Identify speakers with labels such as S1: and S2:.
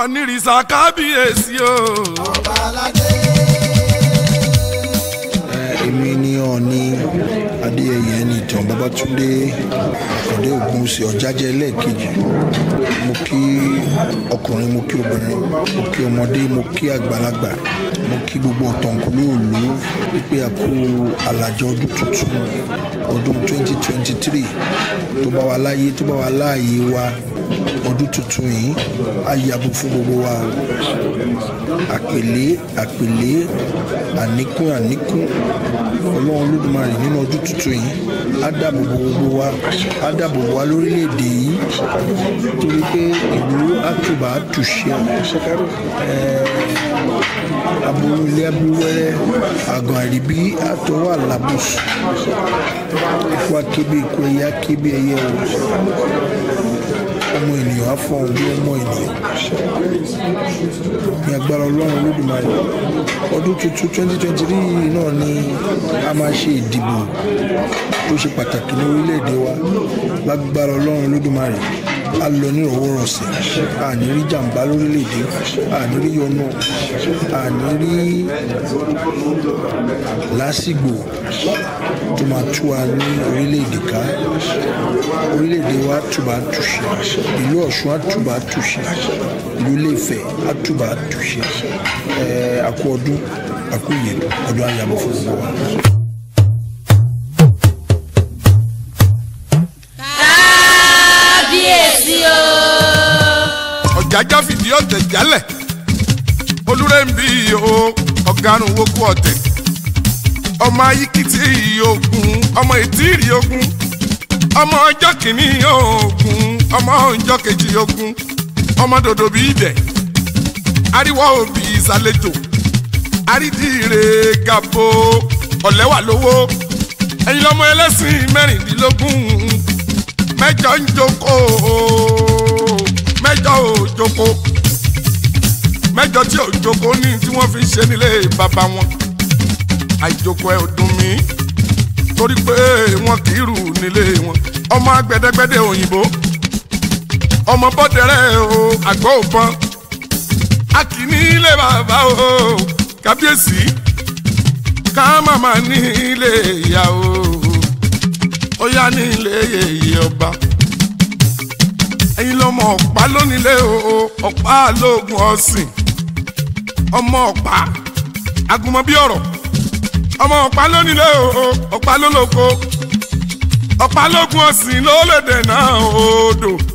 S1: onírìsà kábíyèsí o. ọba aládé.
S2: gómìnà Babátúndé Akàndé Ògúnwùsì Ọ̀jájẹ́ ẹlẹ́ẹ̀kejì mo kí ọkùnrin mo kí obìnrin mo kí ọmọdé mo kí àgbàlagbà mo kí gbogbo ọ̀tọ̀nkùnrin òlú wípé a kú àlàjọ ọdún tuntun ọdún 2023 tó bá wa láyé tó bá wa láàyè wa ọdún tuntun yìí á yàgò fún gbogbo wa àpèlé àpèlé àníkún àníkún ọlọ́run Olódùmarè nínú ọdún tuntun yìí á dáàbò bo gbogbo wa á dáàbò bo wa lórílẹ̀‐èdè yìí torí pé ìlú àtúbà àtúnṣe eh, aburú ilé abúwẹ́rẹ́ àgàn àríbí àtọwọ́ àlàbùsùn ikú akébé ikú ẹyẹ akébé ẹyẹ o ọmọ ènìyàn á fọ òun ọmọ ènìyàn ní agbára ọlọ́run olódùmarè ọdún tuntun twenty twenty three náà ni a máa ṣe ìdìbò tó ṣe pàtàkì ní orílẹ̀-èdè wa lágbára ọlọ́run olódùmarè a lọ ní ìrọ̀wọ́rọ̀sẹ̀ àní rí jàǹbá lórílẹ̀‐èdè àní rí yọnu àní rí lásìgbò tó máa tú wa ní orílẹ̀‐èdè ká orílẹ̀‐èdè wa túbà túṣe ìlú ọ̀ṣun á túbà túṣe ìlú ilé-ifẹ̀ á túbà túṣe ẹ̀ àkú ọdún àkú yẹn ọdún ayàbọ̀ fún gbogbo wa.
S1: ajá fìdí ọ̀tẹ̀ jálẹ̀ olúrẹ́ ń bí o ọ̀gárùn wókú ọ̀tẹ̀ ọmọ ayíkìtì ogun ọmọ ìtìrì ogun ọmọ ọjọ́ kìíní ogun ọmọ ọjọ́ kejì ogun ọmọ dòdò bí ìdẹ̀ ariwo òbí ìsàlejò àrídìire gàbo ọ̀lẹ́wà lówó ẹ̀yin lọ́mọ ẹlẹ́sìn mẹ́rìndínlógún mẹ́jọ ń jókòó mẹ́jọ òjòkó mẹ́jọ tí òjòkó ní tí wọ́n fi ṣe nílé bàbá wọn àìjòkó ẹ̀ ò dùn mí torí pé wọn kì í rù nílé wọn ọmọ agbẹ̀dẹ̀gbẹ̀dẹ̀ òyìnbó ọmọ bọ́dẹ̀rẹ̀ o àgọ́ òpọn a kì í nílé bàbá o kábíyèsí ká màmá nílé ìyá o ó yá nílé yèyé ọba ẹ̀yin ló mọ ọ̀pá lónílé o ọ̀pá lóògùn ọ̀sìn ọmọ ọ̀pá agumọ bí ọ̀rọ̀ ọmọ ọ̀pá lónílé o ọ̀pá lólóko ọ̀pá lóògùn ọ̀sìn ló lè dènà odò.